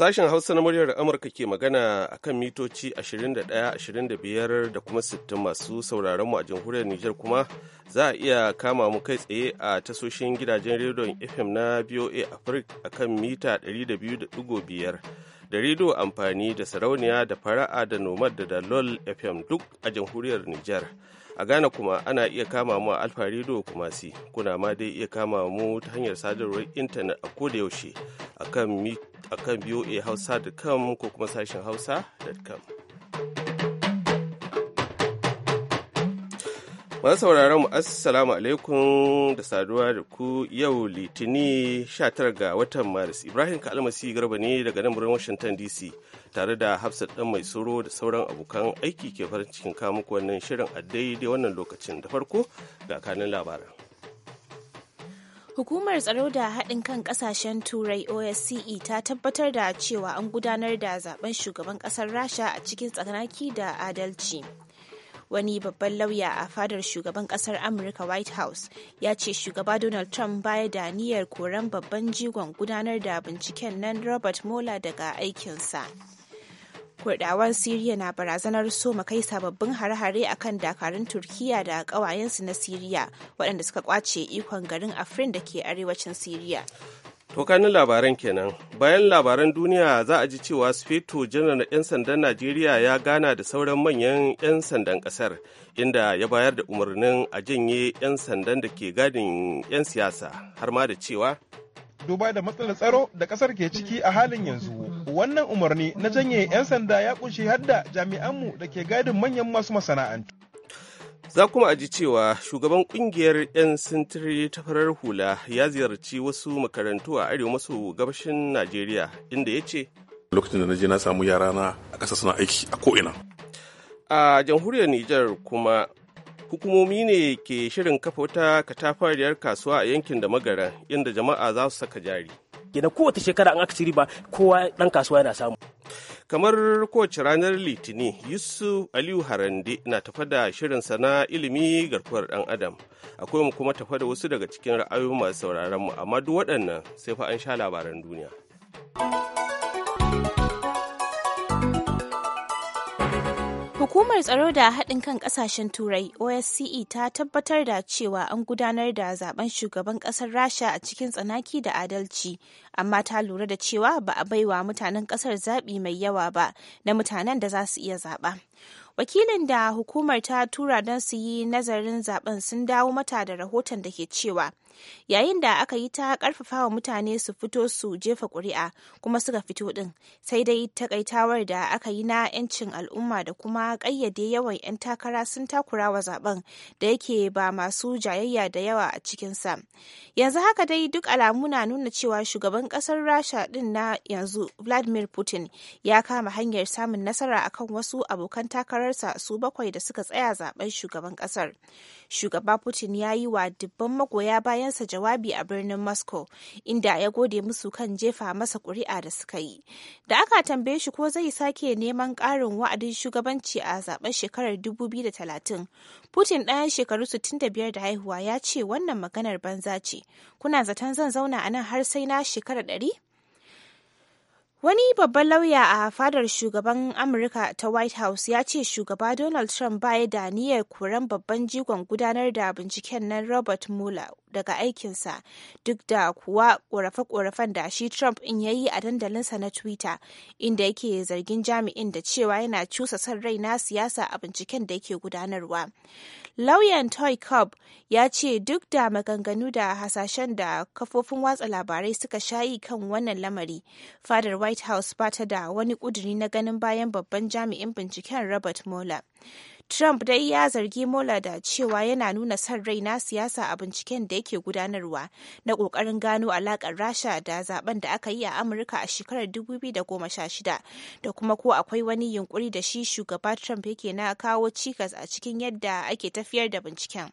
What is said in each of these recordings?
Sashen Hausa na muryar Amurka ke magana a kan mitoci 21-25 da kuma 60 masu sauraron mu a jamhuriyar Nijar kuma za a iya kama mu kai tsaye a tasoshin gidajen rediyon FM na BOA Africa a kan mita 200.5 da rediyo amfani da sarauniya da fara'a da nomad da dalol FM duk a jamhuriyar Nijar. a ghana kuma ana iya kama mu a alfa rediyo kuma si kuna ma dai iya kama mu ta hanyar sadarwar intanet a koda yaushe a kan voa hausa.com ko kuma sashen hausa.com Masu sauraron mu assalamu alaikum da saduwa da ku yau litini 19 ga watan Maris. Ibrahim Kalmasi Garba ne daga nan birnin Washington DC tare da hafsat ɗan mai tsoro da sauran abokan aiki ke farin cikin muku wannan shirin a daidai wannan lokacin da farko ga kanin labaran Hukumar tsaro da haɗin kan ƙasashen Turai OSCE ta tabbatar da cewa an gudanar da zaben shugaban ƙasar Rasha a cikin tsakanaki da adalci. Wani babban lauya a fadar shugaban ƙasar Amurka White House ya ce shugaba Donald Trump baya da niyyar koran babban jigon gudanar da binciken nan Robert Mueller daga aikinsa. kurdawan siriya na barazanar so kai sababbin hare-hare kan dakarun turkiya da kawayensu na siriya waɗanda suka kwace ikon garin afrin da ke arewacin siriya To labaran kenan. Bayan labaran duniya za a ji cewa Sufeto janar 'yan sandan Najeriya ya gana da sauran manyan 'yan sandan kasar inda ya bayar da umarnin a janye 'yan sandan da ke gadin 'yan siyasa har ma da cewa duba da matsalar tsaro da kasar ke ciki a halin yanzu wannan umarni na janye 'yan sanda ya kunshi hadda jami'anmu da ke gadin manyan masu masana'antu za kuma aji cewa shugaban kungiyar 'yan sintiri ta farar hula ya ziyarci wasu makarantu a arewa maso gabashin najeriya inda ya ce lokacin da na je na samu yarana a ƙasa suna aiki a ko'ina a jamhuriyar nijar kuma hukumomi ne ke shirin kafa wata katafariyar kasuwa a yankin da magara inda jama'a za su saka jari yana kowace shekara an aka ci riba kowa dan kasuwa yana samu kamar kowace ranar litini yusuf aliyu harande na tafa da shirin sana ilimi garkuwar ɗan adam akwai mu kuma tafa da wasu daga cikin ra'ayoyin masu sauraron mu amma duk waɗannan sai fa an sha labaran duniya Hukumar tsaro da haɗin kan ƙasashen Turai OSCE ta tabbatar da cewa an gudanar da zaben shugaban ƙasar Rasha a cikin tsanaki da adalci, amma ta lura da cewa ba a baiwa mutanen ƙasar zaɓi mai yawa ba na mutanen da za su iya zaɓa. wakilin da hukumar ta tura don su yi nazarin zaben sun dawo mata da rahoton da ke cewa yayin da aka yi ta karfafa wa mutane su fito su jefa kuri'a kuma suka fito din sai dai takaitawar da aka yi na 'yancin al'umma da kuma kayyade yawan 'yan takara sun takura wa zaben da yake ba masu jayayya da yawa a cikinsa yanzu haka dai duk alamu na nuna cewa shugaban kasar rasha din na yanzu vladimir putin ya kama hanyar samun nasara akan wasu abokan takarar takararsa su bakwai da suka tsaya zaben shugaban kasar shugaba putin ya yi wa dubban magoya bayansa jawabi a birnin moscow inda ya gode musu kan jefa masa kuri'a da suka yi da aka tambaye shi ko zai sake neman ƙarin wa'adin shugabanci a zaben shekarar 2030 putin ɗayan shekaru 65 da haihuwa ya ce wannan maganar banza ce kuna zaton zan zauna a nan har sai na shekarar 100 Wani babban lauya a fadar shugaban Amurka ta White House ya ce shugaba Donald Trump baya da niyyar koran babban jigon gudanar da binciken nan Robert Mueller daga aikinsa duk da kuwa ƙorafe korafen da shi Trump in ya yi a dandalinsa na Twitter inda yake zargin jami'in da cewa yana cusa son rai na siyasa a binciken da yake gudanarwa. Lauyan Toy Cobb ya ce duk da maganganu da hasashen da kafofin watsa labarai suka shayi kan wannan lamari, fadar white house ba ta da wani ƙuduri na ganin bayan babban jami'in binciken robert mueller Trump dai ya zargi Mueller da cewa yana nuna son rai na siyasa a binciken da yake gudanarwa na ƙoƙarin gano alaƙar Rasha da zaben da aka yi a Amurka a shekarar 2016 da kuma ko akwai wani yunkuri da shi shugaba Trump yake na kawo cikas a cikin yadda ake tafiyar da binciken.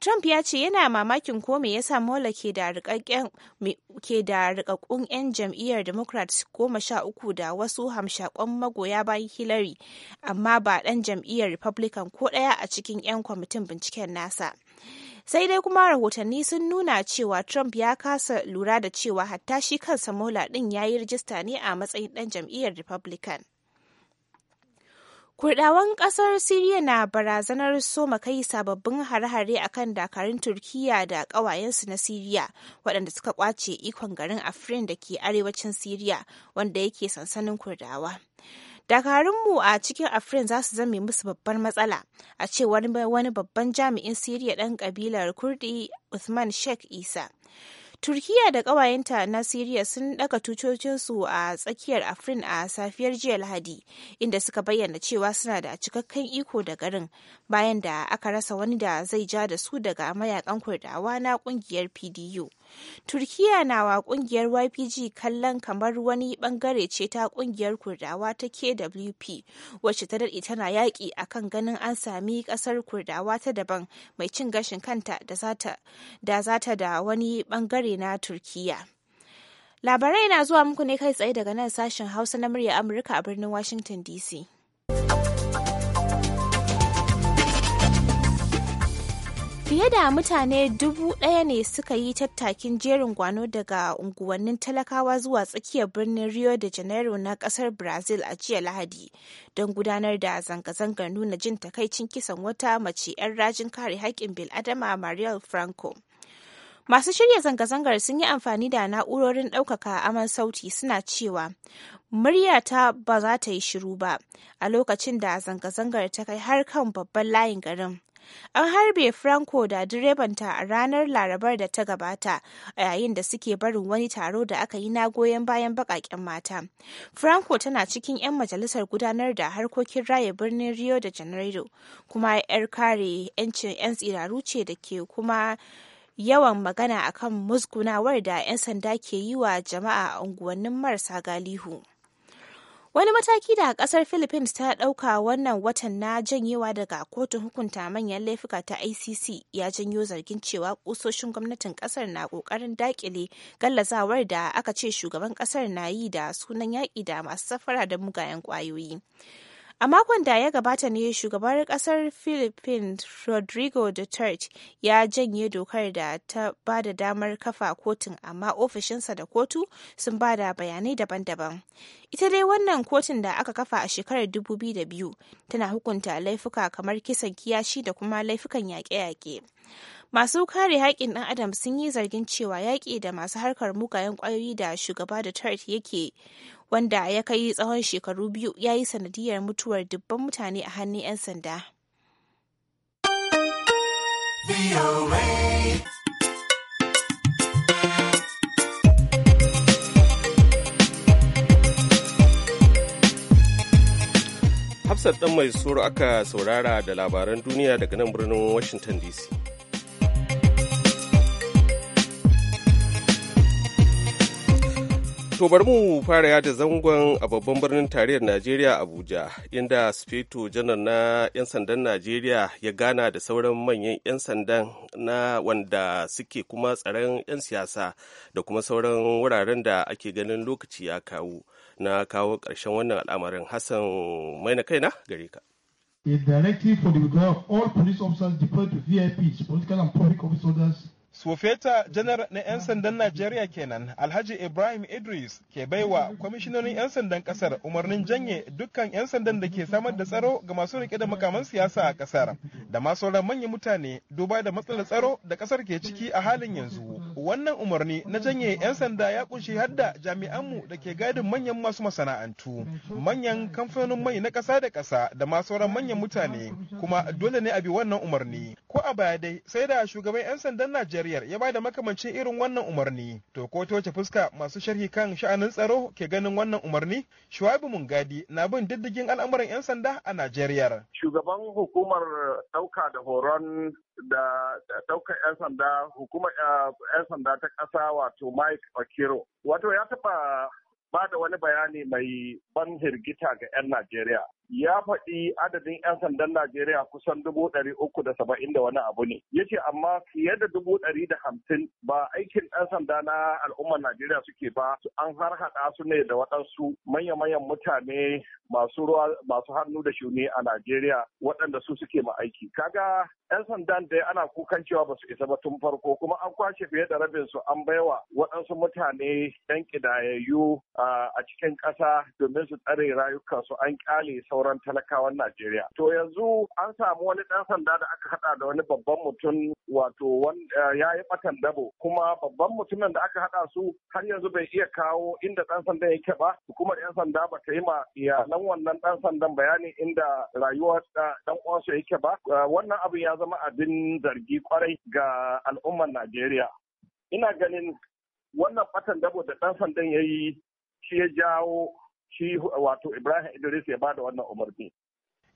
Trump ya ce yana mamakin ko me yasa mola ke da rikakkun 'yan jam'iyyar Democrats goma sha uku da wasu hamshakon magoya bayan Hillary, amma ba ɗan jam'iyyar Republican ko ɗaya a cikin 'yan kwamitin binciken nasa. Sai dai kuma rahotanni sun nuna cewa Trump ya kasa lura da cewa hatta shi kansa Mueller ɗin ya yi rijista ne a matsayin ɗan jam'iyyar Republican. Kurdawan kasar Siriya na barazanar soma kai sababbin hare-hare a kan dakarun Turkiyya da ƙawayensu na Siriya waɗanda suka kwace ikon garin Afrin da ke arewacin Siriya wanda yake sansanin Kurdawa. Dakarunmu a cikin Afrin za su zame musu babbar matsala, a cewar wani babban jami'in Siriya ɗan ƙabilar Kurdi Uthman Sheikh Isa. Turkiya da ƙawayenta na Siriya sun ɗaga tucocinsu a tsakiyar Afrin a safiyar jiya Lahadi, inda suka bayyana cewa suna da cikakken iko da garin bayan da aka rasa wani da zai ja da su daga mayakan kurdawa na ƙungiyar PDU. Turkiya na wa kungiyar YPG kallon kamar wani bangare ce ta kungiyar Kurdawa ta KWP wacce ta daɗe tana yaƙi akan ganin an sami ƙasar Kurdawa ta daban mai cin gashin kanta da zata da wani bangare na Turkiya. Labarai na zuwa muku ne kai tsaye daga nan sashen Hausa na murya Amurka a birnin Washington DC. Fiye da mutane dubu ɗaya ne suka yi tattakin jerin gwano daga unguwannin talakawa zuwa tsakiyar birnin Rio de Janeiro na ƙasar Brazil a jiya Lahadi don gudanar da zanga-zangar nuna jin takaicin kisan wata mace 'yan rajin kare haƙƙin bil'adama Mariel Franco. Masu shirya zanga-zangar sun yi amfani da na'urorin ɗaukaka aman sauti suna cewa muryata ba za ta yi shiru ba a lokacin da zanga-zangar ta kai har kan babban layin garin. An harbe Franco da direbanta a ranar Larabar da ta gabata a yayin da suke barin wani taro da aka yi na goyon bayan bakaken mata. Franco tana cikin 'yan majalisar gudanar da harkokin raya birnin Rio de Janeiro kuma 'yar kare 'yancin 'yan tsiraru ce da ke kuma yawan magana akan musgunawar da 'yan sanda ke yi wa jama'a a unguwannin marasa galihu. Wani mataki da kasar Philippines ta dauka wannan watan na janyewa daga kotun hukunta manyan laifuka ta ICC ya janyo zargin cewa kusoshin gwamnatin kasar na kokarin dakile gallazawar da aka ce shugaban kasar na yi da sunan yaƙi da masu safara da mugayen ƙwayoyi. A makon da ya gabata ne shugaban kasar Philippines Rodrigo Duterte ya janye dokar da ta ba da damar kafa kotun amma ofishinsa da kotu sun ba da bayanai daban-daban. Ita dai wannan kotun da aka kafa a shekarar 2002 tana hukunta laifuka kamar kisan kiyashi da kuma laifukan yaƙe-yaƙe. Masu kare haƙƙin ɗan Adam sun yi zargin cewa yaƙi da masu harkar mugayen ƙwayoyi da shugaba da Duterte yake wanda ya kai tsawon shekaru biyu ya yi sanadiyar mutuwar dubban mutane a hannun 'yan sanda. Hafsat ɗan mai tsoro aka saurara da labaran duniya daga nan birnin Washington DC. To bari mu fara yada zangon a babban birnin tarayyar Najeriya Abuja, inda Sufeto janar na 'yan sandan Najeriya ya gana da sauran manyan 'yan sandan na wanda suke kuma tsaron 'yan siyasa da kuma sauran wuraren da ake ganin lokaci ya kawo na kawo ƙarshen wannan al'amarin Hassan maina kaina gare ka. A directive for the withdrawal of all police officers deployed to VIPs, political and public officers Sofeta janar na 'yan sandan Najeriya kenan Alhaji Ibrahim Idris ke baiwa kwamishinonin 'yan sandan kasar umarnin janye dukkan 'yan sandan da ke samar da tsaro ga masu rike da makaman siyasa a kasar da ma sauran manyan mutane duba da matsalar tsaro da kasar ke ciki a halin yanzu. Wannan umarni na janye 'yan sanda ya kunshi har da jami'anmu da ke gadin manyan masu masana'antu, manyan kamfanonin mai na ƙasa da kasa da ma sauran manyan mutane kuma dole ne a bi wannan umarni. Ko a baya dai sai da shugaban 'yan sandan Najeriya Najeriya ya bada makamancin irin wannan umarni to ko toce fuska masu sharhi kan sha'anin tsaro ke ganin wannan umarni shuaibu mungadi na bin diddigin al'amuran 'yan sanda a najeriya shugaban hukumar ɗauka da horon da ɗaukar 'yan sanda hukumar eh, 'yan sanda ta ƙasa wato mike okiro wato ya taɓa ba da wani bayani mai ban hirgita ga 'yan Najeriya. ya faɗi adadin 'yan sandan Najeriya kusan dubu ɗari uku da saba'in da wani abu ne. Ya ce amma fiye da dubu ɗari da hamsin ba aikin 'yan sanda na al'ummar Najeriya suke ba an harhaɗa haɗa su ne da waɗansu manya-manyan mutane masu ruwa masu hannu da shuni a Najeriya waɗanda su suke ma aiki. Kaga 'yan sandan dai ana kukan cewa ba su isa ba tun farko kuma an kwashe fiye da rabin su an baiwa waɗansu mutane 'yan ƙidayayyu a cikin ƙasa domin su tsare rayukansu an ƙyale sau sauran talakawan Najeriya. To yanzu an samu wani ɗan sanda da aka haɗa da wani babban mutum wato eh, ya yi ɓatan dabo kuma babban mutumin da aka haɗa su har yanzu bai iya kawo inda ɗan sanda yake ba hukumar 'yan sanda ba ta yi ma iyalan wannan ɗan sandan bayani inda rayuwar eh, ɗan uwansu yake ba eh, wannan abu ya zama abin zargi kwarai ga al'ummar Najeriya. Ina ganin wannan ɓatan dabo da ɗan sandan ya yi shi ya jawo shi wato Ibrahim Idris ya bada wannan umarni.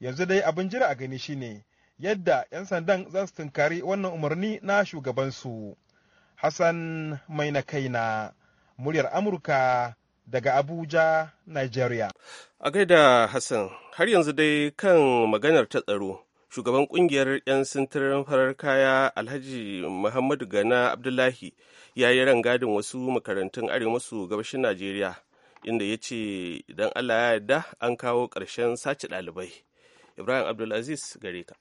Yanzu dai abin jira a gani shine yadda 'yan sandan za su tunkari wannan umarni na shugabansu. Hassan mai na kai na muryar Amurka daga Abuja, Nigeria. A gaida Hassan, har yanzu dai kan maganar ta tsaro. Shugaban ƙungiyar 'yan sintirin farar kaya Alhaji Muhammadu Gana Abdullahi ya yi rangadin wasu makarantun arewa maso gabashin Najeriya. inda ya ce idan allah ya yarda an kawo ƙarshen sace ɗalibai ibrahim abdulaziz gare ka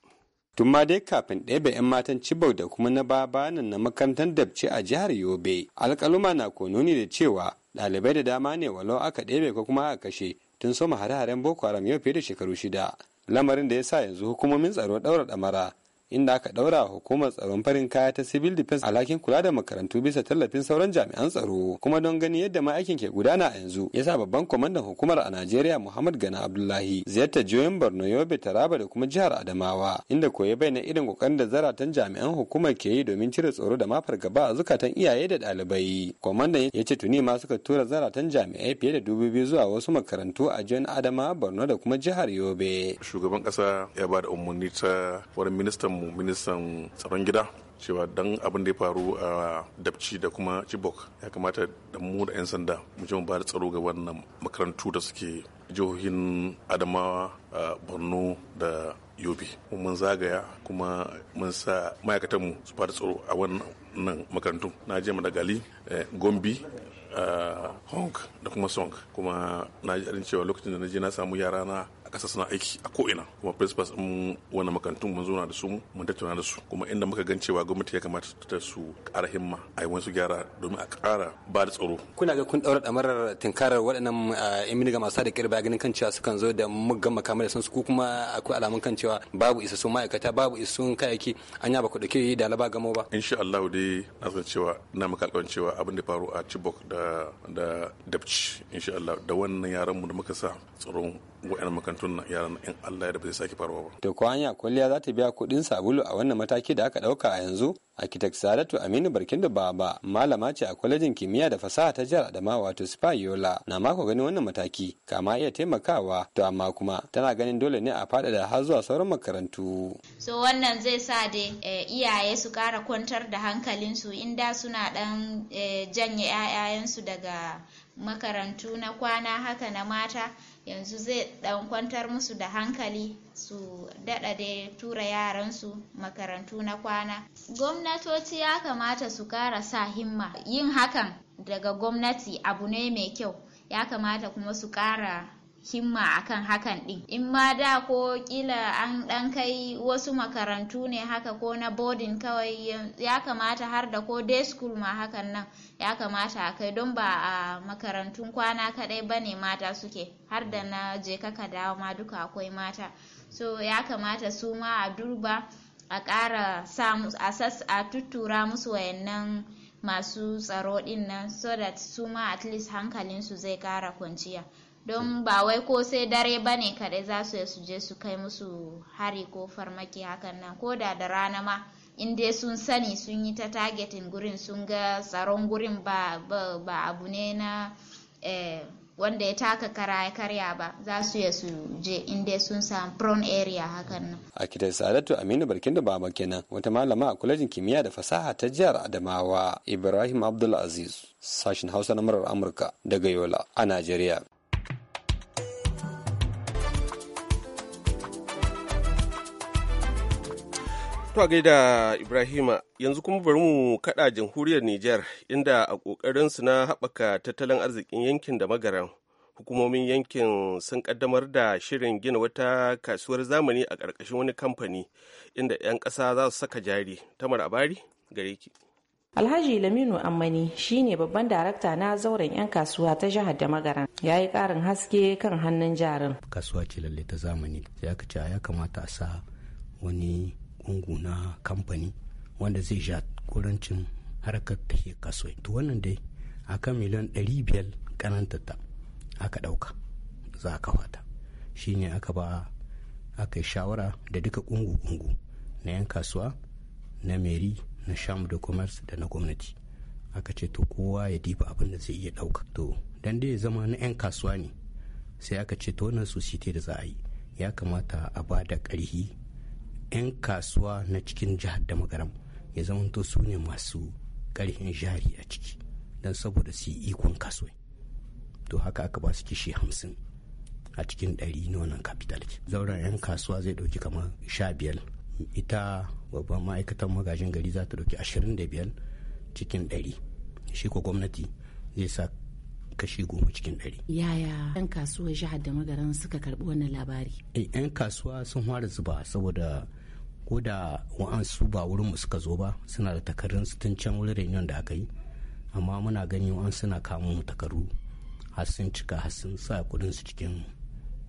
tun ma dai kafin ɗebe 'yan matan cibau da kuma na babanan na makarantar dabce a jihar yobe alƙaluma na kononi da cewa ɗalibai da dama ne walau aka ɗebe ko kuma aka kashe tun soma hare-haren boko haram yau fiye da shekaru shida lamarin da ya sa yanzu hukumomin tsaro ɗaura ɗamara inda aka daura hukumar tsaron farin kaya ta civil defense alhakin kula da makarantu bisa tallafin sauran jami'an tsaro kuma don gani yadda ma'aikin ke gudana a yanzu ya sa babban kwamandan hukumar a najeriya muhammad gana abdullahi ziyartar jihohin borno yobe taraba da kuma jihar adamawa inda koyi bai na irin kokarin da zaratan jami'an hukumar ke yi domin cire tsoro da ma fargaba a zukatan iyaye da ɗalibai kwamandan ya ce tuni ma suka tura zaratan jami'ai fiye da dubu biyu zuwa wasu makarantu a jihar adama borno da kuma jihar yobe shugaban kasa ya ba da umarni ta wani ministan mu ministan tsaron gida cewa dan abin da ya faru a dabci da kuma chibok ya kamata da mu da 'yan sanda mu ji mu ba da tsaro ga wannan makarantu da suke jihohin adamawa a borno da yobe mun zagaya kuma mun sa ma'aikatanmu su da tsaro a wannan makarantu na je madagali eh, gombi eh, honk da kuma song kuma na ji cewa lokacin da na je na samu yara na Kasa suna aiki a ko'ina kuma principals ɗin wani makarantun mun zo da su mun tattauna da su kuma inda muka gan cewa gwamnati ya kamata ta su ƙara himma a yi wasu gyara domin a ƙara ba da tsaro. kuna ga kun ɗaura ɗamarar tinkarar waɗannan imini ah, ga masu da ƙirba ganin kan cewa sukan zo da muggan makamai da sun su kuma akwai alamun kan cewa babu isassun ma'aikata babu isassun kayayyaki an ya ku ɗauke da laba gamo ba. insha allahu dai na san cewa na muka cewa abin da faru a Chibok da da Dabci insha allahu da wannan yaran mu da muka sa tsaron wa'yan makarantun yaran in Allah ya sake faruwa ba. To ko hanya kwalliya za ta biya kuɗin sabulu a wannan mataki da aka ɗauka a yanzu? Architect Sadatu Aminu Barkindo Baba malama ce a kwalejin kimiyya da fasaha ta jihar Adamawa wato Sifa Yola na mako ganin wannan mataki kama iya taimakawa to amma kuma tana ganin dole ne a da har zuwa sauran makarantu. So wannan zai sa da eh, iyaye su kara kwantar da hankalinsu in da suna ɗan eh, janye 'ya'yansu daga makarantu na kwana haka na mata yanzu zai dan kwantar musu da hankali su dada da tura yaransu makarantu na kwana gwamnatoci ya kamata su kara sa himma yin hakan daga gwamnati abu ne mai kyau ya kamata kuma su kara himma akan hakan ɗin in ma da ko kila an dan kai wasu makarantu ne haka ko na boarding kawai ya kamata har da ko day school ma hakan nan ya kamata a kai don ba a makarantun kwana kadai ba ne mata suke har da na je kaka dawo ma duka akwai mata so ya kamata su ma a duba a ƙara a tuttura musu wayannan masu tsaro din nan so that su ma at least hankalinsu zai ƙara kwanciya don ba wai ko sai dare ba ne kaɗai za su su je su kai musu hari ko farmaki hakan nan ko da da rana ma in dai sun sani sun yi ta targeting gurin sun ga tsaron gurin ba, ba, abu ne na eh, wanda ya taka kara ya karya ba za su ya su je inda sun samu prone area hakan nan. A kitar Sadatu Aminu Barkin da Baba kenan wata malama a kwalejin kimiyya da fasaha ta jihar Adamawa Ibrahim Abdul Aziz sashin Hausa na murar Amurka daga Yola a Najeriya. To gaida Ibrahima yanzu kuma bari mu kada jamhuriyar Nijar inda a su na haɓaka tattalin arzikin yankin da magaran hukumomin yankin sun ƙaddamar da shirin gina wata kasuwar zamani a ƙarƙashin wani kamfani inda 'yan ƙasa za su saka jari tamar abari gare ki. Alhaji Laminu Ammani shine babban darakta na zauren 'yan kasuwa ta jihar da magaran ya yi ƙarin haske kan hannun jarin. Kasuwa ce lalle ta zamani ya kace ya kamata a sa wani ungu na kamfani wanda zai sha kurancin harkar ta ke kaso to wannan dai a kan miliyan 500 ta aka ɗauka za a kafa ta ne aka ba aka yi shawara da duka ƙungu-ƙungu na 'yan kasuwa na meri na sham da commerce da na gwamnati aka ce to kowa ya difa abin da zai iya ɗauka to dan dai ya zama na 'yan kasuwa ne sai aka ce to wannan society da za a yi ya kamata a ba da ƙarhi 'yan kasuwa na cikin jihar da magaram ya zamanto su ne masu ƙarfin jari a ciki don saboda su yi ikon kasuwai to haka aka ba su kishi hamsin a cikin ɗari na wannan capital zauren 'yan kasuwa zai ɗauki kamar sha biyar ita babban ma'aikatan magajin gari za ta ɗauki ashirin da biyar cikin ɗari shi ko gwamnati zai sa kashi goma cikin ɗari. Yaya 'yan kasuwa jihar da magaran suka karɓi wannan labari? Eh, 'yan kasuwa sun fara zuba saboda ko da wa'ansu ba wurin mu suka zo ba suna da takarun su tun can wurin reunion da aka yi amma muna gani wa'ansu suna kamun mu takaru har sun cika har sun sa kudin su cikin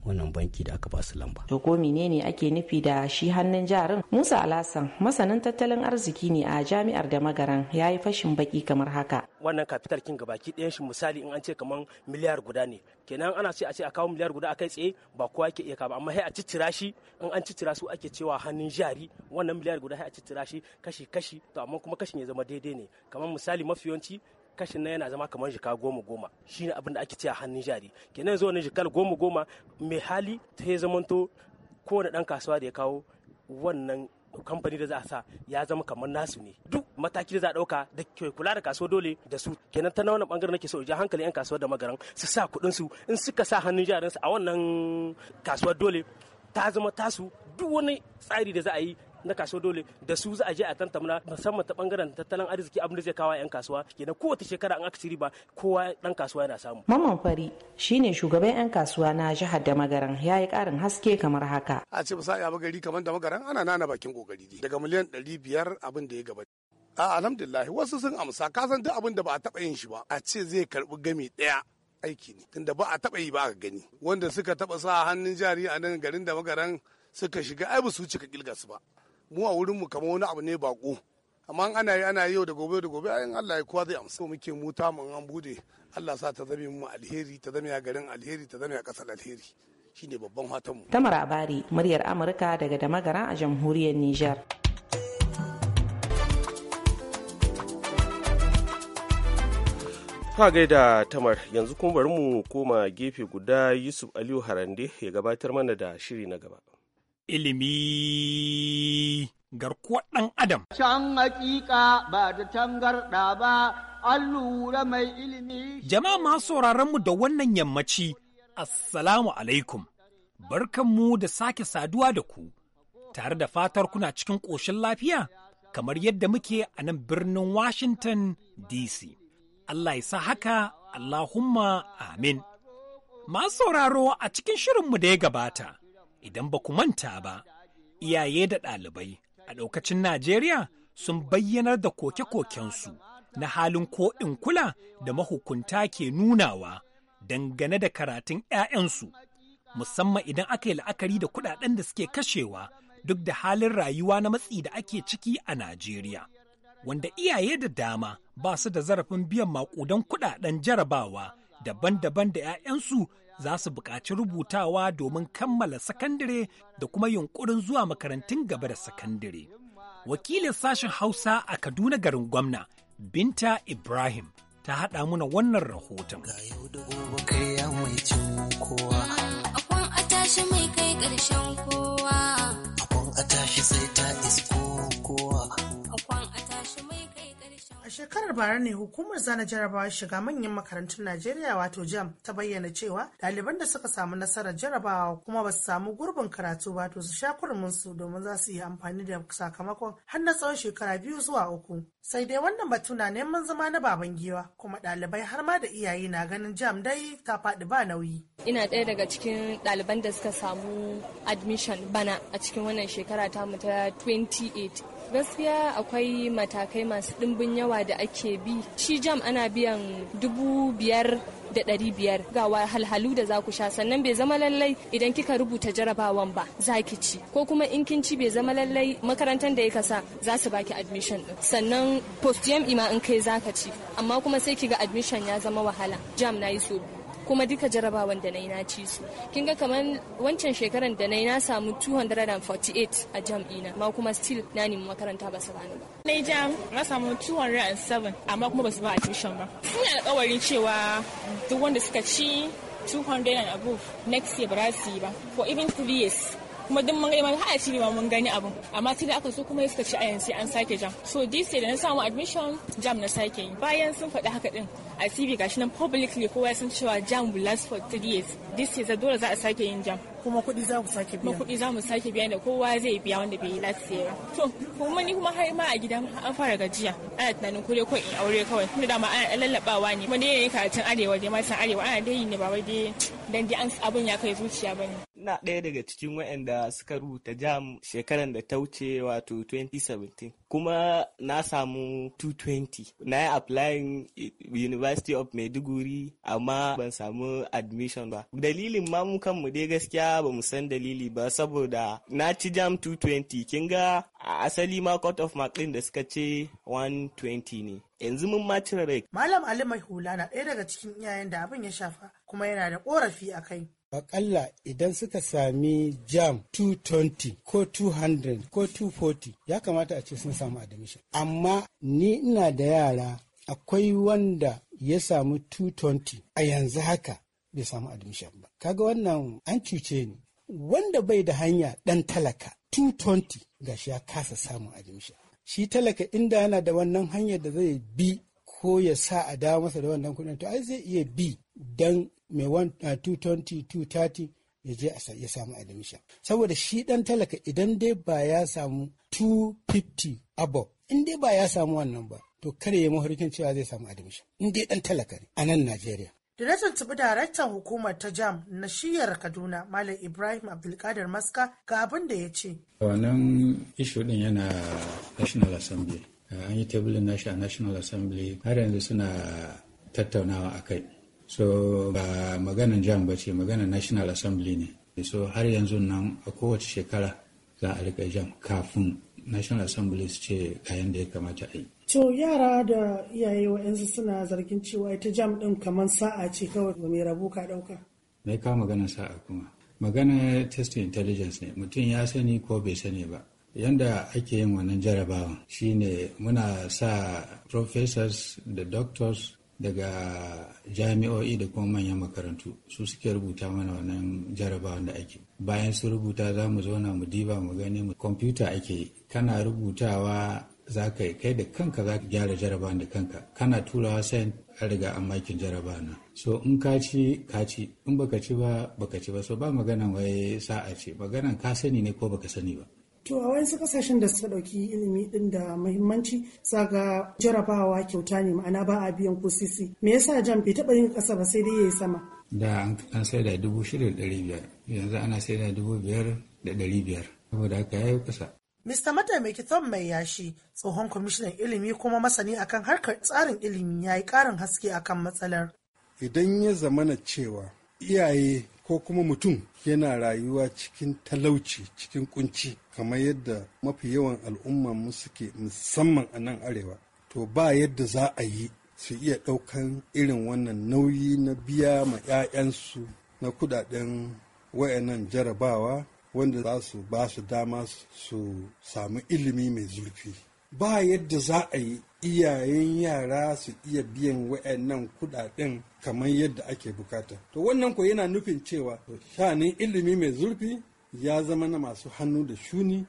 wannan banki da aka ba su lamba. To ko menene ake nufi da shi hannun jarin? Musa Alasan masanin tattalin arziki ne a jami'ar da magaran ya yi fashin baki kamar haka. Wannan kafitar kin gabaki ɗayan shi misali in an ce kamar miliyar guda ne. Kenan ana ce a ce a kawo miliyar guda akai tsaye ba kowa ke iya kaba amma sai a cicira shi in an cicira su ake cewa hannun jari wannan miliyar guda sai a cicira shi kashi kashi to amma kuma kashin ya zama daidai ne. Kamar misali mafi yawanci kashin na yana zama kamar jika goma goma shine abin da ake ce a hannun jari kenan zuwa jikal goma goma mai hali ta ya zamanto kowane dan kasuwa da ya kawo wannan kamfani da za a sa ya zama kamar nasu ne duk mataki da za a dauka da ke kula da kasuwa dole da su kenan ta na wannan bangaren nake so ja hankali yan kasuwa da magaran su sa kuɗin su in suka sa hannun jarin su a wannan kasuwar dole ta zama tasu duk wani tsari da za a yi na kasuwa dole da su za a je a tantamna musamman ta bangaren tattalin arziki abin da zai kawo 'yan kasuwa kenan kowace shekara an aka ba, riba kowa dan kasuwa yana samu. Maman Fari shine shugaban 'yan kasuwa na jihar da magaran ya yi karin haske kamar haka. A ce ba sa ya gari kamar da magaran ana nana bakin kokari daga miliyan ɗari abin da ya gaba. A alhamdulillah wasu sun amsa Ka san duk abin da ba a taɓa yin shi ba a ce zai karbi gami daya aiki ne tunda ba a taɓa yi ba a gani wanda suka taba sa hannun jari a nan garin da magaran suka shiga ai ba su cika kilgasu ba mu a wurin mu kamar wani abu ne bako amma ana yi ana yau da gobe da gobe ayin Allah ya kowa zai amsa muke mu ta mun an bude Allah sa ta zame mu alheri ta zame a garin alheri ta zame a kasar alheri shine babban fatan mu Tamara Abari muryar Amurka daga Damagara a jamhuriyar Niger Ka gaida tamar yanzu kuma bari mu koma gefe guda Yusuf Aliyu Harande ya gabatar mana da shiri na gaba. ilimi garkuwar ɗan adam. Can hakika ba da tangarɗa ba, an lura mai ilimi. Jama'a masu mu da wannan yammaci, Assalamu alaikum, barkanmu da sake saduwa da ku, tare da fatar kuna cikin ƙoshin lafiya, kamar yadda muke a nan birnin Washington DC. Allah ya sa haka, Allahumma amin. Ma sauraro a cikin shirinmu da ya gabata. idan ba ku manta ba iyaye da ɗalibai a ɗaukacin najeriya sun bayyanar da koke-kokensu na halin ko in kula da mahukunta ke nunawa dangane da karatun 'ya'yansu musamman idan aka yi la'akari da kuɗaɗen da suke kashewa duk da halin rayuwa na matsi da ake ciki a najeriya wanda iyaye da dama ba su da zarafin biyan maƙudan kuɗaɗen jarabawa daban-daban da 'ya'yansu za su buƙaci rubutawa domin kammala sakandare da kuma yunkurin zuwa makarantun gaba da sakandare. Wakilin sashen Hausa a Kaduna garin gwamna, Binta Ibrahim, ta haɗa muna wannan rahoton. A shekarar bara ne hukumar zana jarabawa shiga manyan makarantun Najeriya wato JAM ta bayyana cewa ɗaliban da suka samu nasarar jarabawa kuma ba su samu gurbin karatu ba to su sha su domin za su yi amfani da sakamakon har na tsawon shekara biyu zuwa uku. Sai dai wannan batu na neman zama na baban giwa kuma ɗalibai har ma da iyaye na ganin JAM dai ta faɗi ba nauyi. Ina ɗaya daga cikin ɗaliban da suka samu admission bana a cikin wannan shekara tamu ta 2018. gaskiya akwai matakai masu ɗimbin yawa da ake bi shi jam ana biyan dubu biyar da ɗari biyar ga wahalhalu da za ku sha sannan bai zama lallai idan kika rubuta jarabawan ba za ki ci ko kuma in kin ci bai zama lallai makarantar da ya kasa za su baki admission din sannan post jam ima in kai za ka ci amma kuma sai ki ga admission ya zama wahala jam na yi so kuma duka jarabawan da na yi na ci su kin ga kamar wancan shekaran da na yi na samu 248 a jam'ina ma kuma still na nemi makaranta ba su ba na jam na samu 207 amma kuma ba su ba tushen ba sun yi alkawarin cewa duk wanda suka ci 200 and above next year ba za ba for even three years kuma duk mun gani har a TV ma mun gani abin amma sai da aka so kuma suka ci a yanzu an sake jam so DC da na samu admission jam na sake yi bayan sun faɗi haka din a cv gashi nan publicly kowa sun cewa jam will last for 3 years DC za dole za a sake yin jam kuma kuɗi za mu sake biya kuɗi za mu sake biya da kowa zai biya wanda bai yi ba to kuma ni kuma har ma a gida an fara gajiya ana tunanin ko dai ko in aure kawai tunda dama ana lallabawa ne kuma dai ne karatun arewa dai matan arewa ana dai yi ne ba wai dai dan dai an abun ya kai zuciya bane ina ɗaya daga cikin waɗanda suka rubuta jam shekarar da ta wuce wato 2017 kuma na samu 220 na yi applying university of maiduguri amma ban samu admission ba dalilin ma mu kanmu dai gaskiya ba mu san dalili ba saboda na ci jam 220 kin ga a asali ma court of mark da suka ce 120 ne yanzu mun ma cire rai malam ali mai hula na ɗaya daga cikin iyayen da abin ya shafa kuma yana da korafi a kai akalla idan suka sami jam 220 ko 200 ko 240 ya kamata a ce sun samu admission amma ni ina da yara akwai wanda ya samu 220 a yanzu haka bai samu admission ba kaga wannan an cuce ni wanda bai da hanya dan talaka 220 gashi ya kasa samun admission shi talaka inda yana da wannan hanyar da zai bi ko ya sa a dawo masa da wannan kudin to ai zai iya bi dan mai 220 230 uh, ya je ya samu admission saboda shi ɗan talaka idan dai ba ya samu 250 above in dai ba ya samu wannan ba to kare ya mahurikin cewa zai samu admission in dai ɗan talaka ne a nan Najeriya Diretan tabi daraktan hukumar ta jam na shiyar Kaduna Malam Ibrahim Abdulkadir Maska ga abin da ya ce. Wannan ishu ɗin yana National Assembly. An yi tebulin nashi a National Assembly har yanzu suna tattaunawa a kai. so ba maganan jam ba ce maganan national assembly ne so har yanzu nan a kowace shekara za a rika jam kafin national assembly su ce kayan da ya kamata a yi to yara da iyaye yanzu suna zargin cewa ita jam din kamar sa'a ce kawai ba mai rabu ka dauka mai kawo maganan sa'a kuma magana testi intelligence ne mutum ya sani ko bai sani ba yanda ake yin wannan jarrabawan shine muna sa professors da doctors daga jami'o'i da kuma manyan makarantu su suke rubuta mana wannan jarabawan da ake bayan su rubuta za mu zauna mu diba mu gani mu kwamfuta ake kana rubutawa za ka kai da kanka za ka gyara jarabawan da kanka kana turawa sayan a riga an makin jaraba na so in ka ci ka ci in baka ci ba baka ci ba so ba maganan wai sa'a ce maganan ka sani ne ko baka sani ba To a wasu kasashen da suka ɗauki ilimi ɗin da muhimmanci ga jarabawa kyauta ne ma'ana ba a biyan ko sisi. Me yasa jam bai taɓa yin ƙasa ba sai dai ya yi sama? Da an sai da dubu shida da ɗari biyar yanzu ana sai da dubu biyar da ɗari biyar saboda haka ya yi Mr. Mataimaki Tom Mai Yashi, tsohon kwamishinan ilimi kuma masani akan harkar tsarin ilimi ya yi ƙarin haske akan matsalar. Idan ya zamana cewa iyaye ko kuma mutum yana rayuwa cikin talauci cikin kunci kamar yadda mafi yawan al'umma mu suke musamman a nan arewa to ba yadda za a yi su iya ɗaukan irin wannan nauyi na biya ma 'ya'yansu na kudaden wayannan jarabawa wanda za su ba su dama su samu ilimi mai zurfi ba yadda za a yi iyayen yara su iya biyan wa'annan kudaden kamar yadda ake bukata to wannan ko yana nufin cewa shanin ilimi mai zurfi ya zama na masu hannu da shuni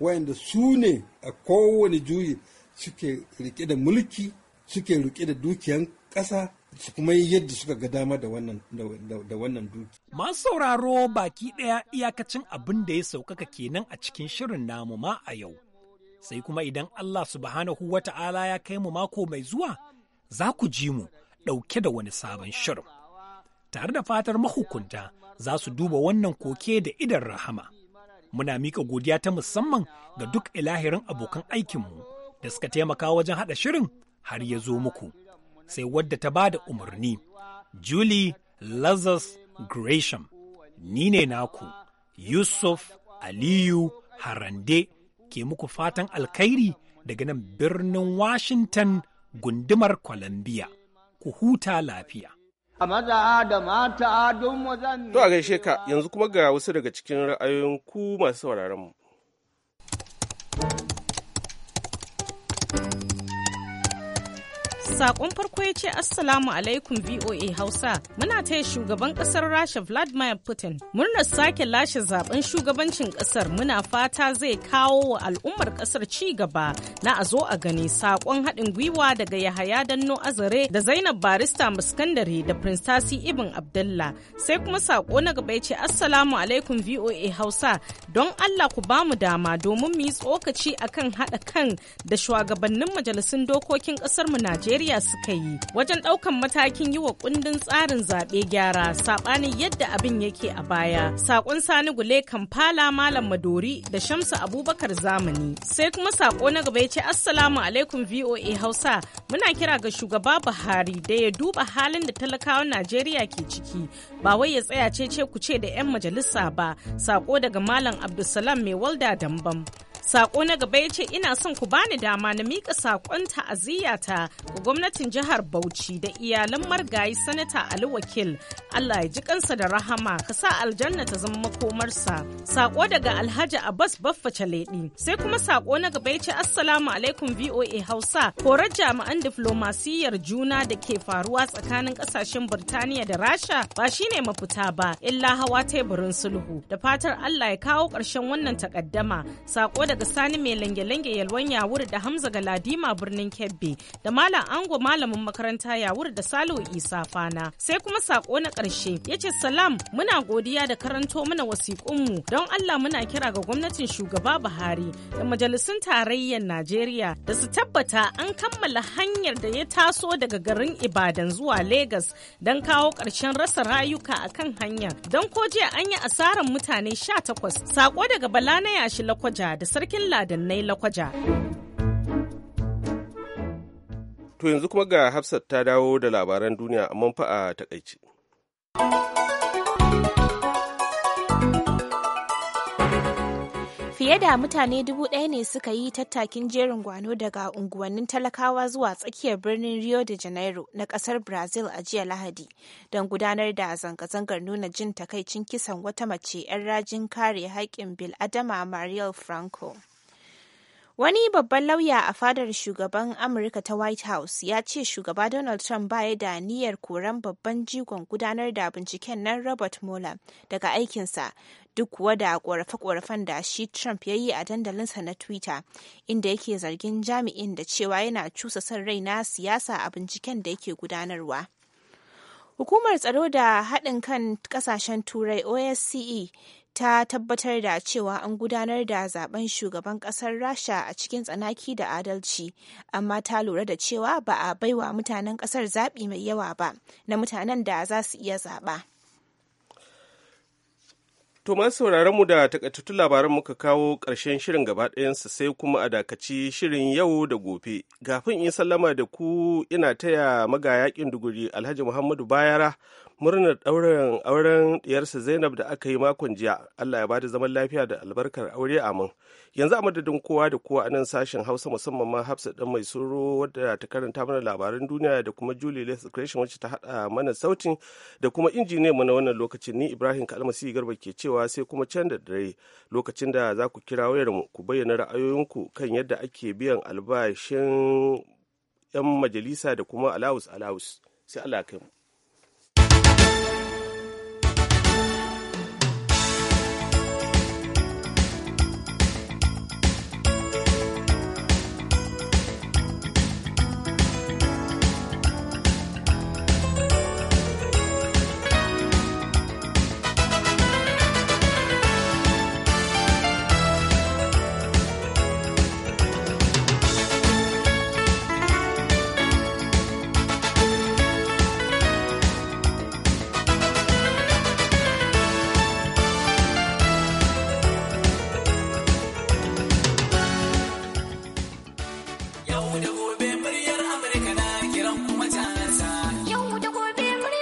wayanda su ne a kowane juyi suke rike da mulki suke rike da dukiyan ƙasa su kuma yi yadda suka ga dama da wannan da duki. Masu sauraro baki ɗaya iyakacin abin da ya saukaka kenan a cikin shirin namu ma a yau. sai kuma idan Allah subhanahu wa ta'ala ya kai mu mako mai zuwa za ku ji mu ɗauke da wani sabon shirin. Tare da fatar mahukunta za su duba wannan koke da idan rahama. Muna mika godiya ta musamman ga duk ilahirin abokan aikinmu da suka taimaka wajen haɗa shirin har ya zo muku. Sai wadda ta ba da umarni, Julie Lazarus Gresham, ni ne naku, Yusuf Aliyu Harande. ke muku fatan alkhairi daga nan birnin Washington gundumar Columbia. Ku huta lafiya. A maza da mata don mu To a gaishe ka yanzu kuma ga wasu daga cikin ra'ayoyin ku masu sauraronmu. Sakon farko ya ce Assalamu alaikum VOA Hausa. Muna taya shugaban kasar Rasha Vladimir Putin murnar sake lashe zaben shugabancin kasar muna fata zai kawo wa al'ummar kasar ci gaba na a zo a gani sakon haɗin gwiwa daga Yahaya Danno Azare da Zainab Barista Muskandare da Prince Tasi Ibn Abdullah. Sai kuma sako na gaba ya ce Assalamu alaikum VOA Hausa don Allah ku bamu dama domin mu yi tsokaci akan haɗa kan da shugabannin majalisun dokokin kasar Najeriya tarayya suka yi wajen ɗaukan matakin yi wa kundin tsarin zaɓe gyara saɓanin yadda abin yake a baya. Saƙon Sani Gule Kampala Malam Madori da Shamsu Abubakar Zamani. Sai kuma saƙo na gaba ya ce Assalamu alaikum VOA Hausa muna kira ga shugaba Buhari da ya duba halin da talakawan Najeriya ke ciki ba wai ya tsaya ce ce ku ce da 'yan majalisa ba. Saƙo daga Malam Abdulsalam mai walda dambam. Sako na gaba ya ce ina son ku bani dama na miƙa sakon ta'aziyyata ga gwamnatin jihar Bauchi da iyalan margayi sanata Ali Wakil. Allah ya ji kansa da rahama ka sa aljanna ta zama makomarsa. Sako daga Alhaji Abbas Baffa Chaledi. Sai kuma sako na gaba ya ce Assalamu alaikum VOA Hausa. Korar jami'an diflomasiyyar juna da ke faruwa tsakanin ƙasashen Birtaniya da Rasha ba shine mafita ba illa hawa teburin sulhu. Da fatar Allah ya kawo ƙarshen wannan takaddama. Sako daga daga Sani mai lange-lange yalwan wuri da Hamza ga Ladima birnin Kebbi da Malam Ango malamin makaranta wuri da Salihu Isa Fana. Sai kuma sako na ƙarshe ya ce salam muna godiya da karanto mana wasiƙunmu don Allah muna kira ga gwamnatin shugaba Buhari da majalisun tarayyar Najeriya da su tabbata an kammala hanyar da ya taso daga garin Ibadan zuwa Legas don kawo ƙarshen rasa rayuka a kan hanya don ko jiya an yi asarar mutane sha takwas. sako daga Bala na yashi Lakwaja da sarki cikin ladannai lakwaja. To yanzu kuma ga Hafsat ta dawo da labaran duniya amma fa a takaice. Fiye da mutane dubu ɗaya ne suka yi tattakin jerin gwano daga unguwannin talakawa zuwa tsakiyar birnin Rio de Janeiro na ƙasar Brazil a jiya Lahadi don gudanar da zanga-zangar nuna jin takaicin kisan wata mace 'yan rajin kare haƙƙin bil bil-adama mariel Franco. Wani babban lauya a fadar shugaban Amurka ta White House ya ce shugaba Donald Trump baya da niyyar koran babban jigon gudanar da binciken nan Robert Mueller daga aikinsa duk kuwa da korafe-korafen da shi Trump ya yi a dandalinsa na Twitter, inda yake zargin jami'in da cewa yana cusa son rai na siyasa a binciken da yake gudanarwa. Hukumar tsaro da haɗin kan ƙasashen Turai OSCE ta tabbatar da cewa an gudanar da zaben shugaban kasar rasha a cikin tsanaki da adalci amma ta lura da cewa ba a baiwa mutanen kasar zaɓi mai yawa ba na mutanen da za su iya zaɓa. To masu sauraron mu da takaitattun labaran muka kawo ƙarshen shirin gaba ɗayansa sai kuma a dakaci shirin yau da gobe. Gafin in sallama da ku ina taya magayakin duguri Alhaji Muhammadu Bayara murnar ɗaurin auren diyarsa zainab da aka yi makon jiya allah ya ba da zaman lafiya da albarkar aure a amin yanzu a madadin kowa da kowa a nan sashen hausa musamman ma hafsa ɗan mai tsoro wadda ta karanta mana labaran duniya da kuma julie les creation wacce ta haɗa mana sautin da kuma injiniyan mu wannan lokacin ni ibrahim kalmasi garba ke cewa sai kuma can da dare lokacin da za ku kira wayar mu ku bayyana ra'ayoyinku kan yadda ake biyan albashin 'yan majalisa da kuma alawus alawus sai allah kai mu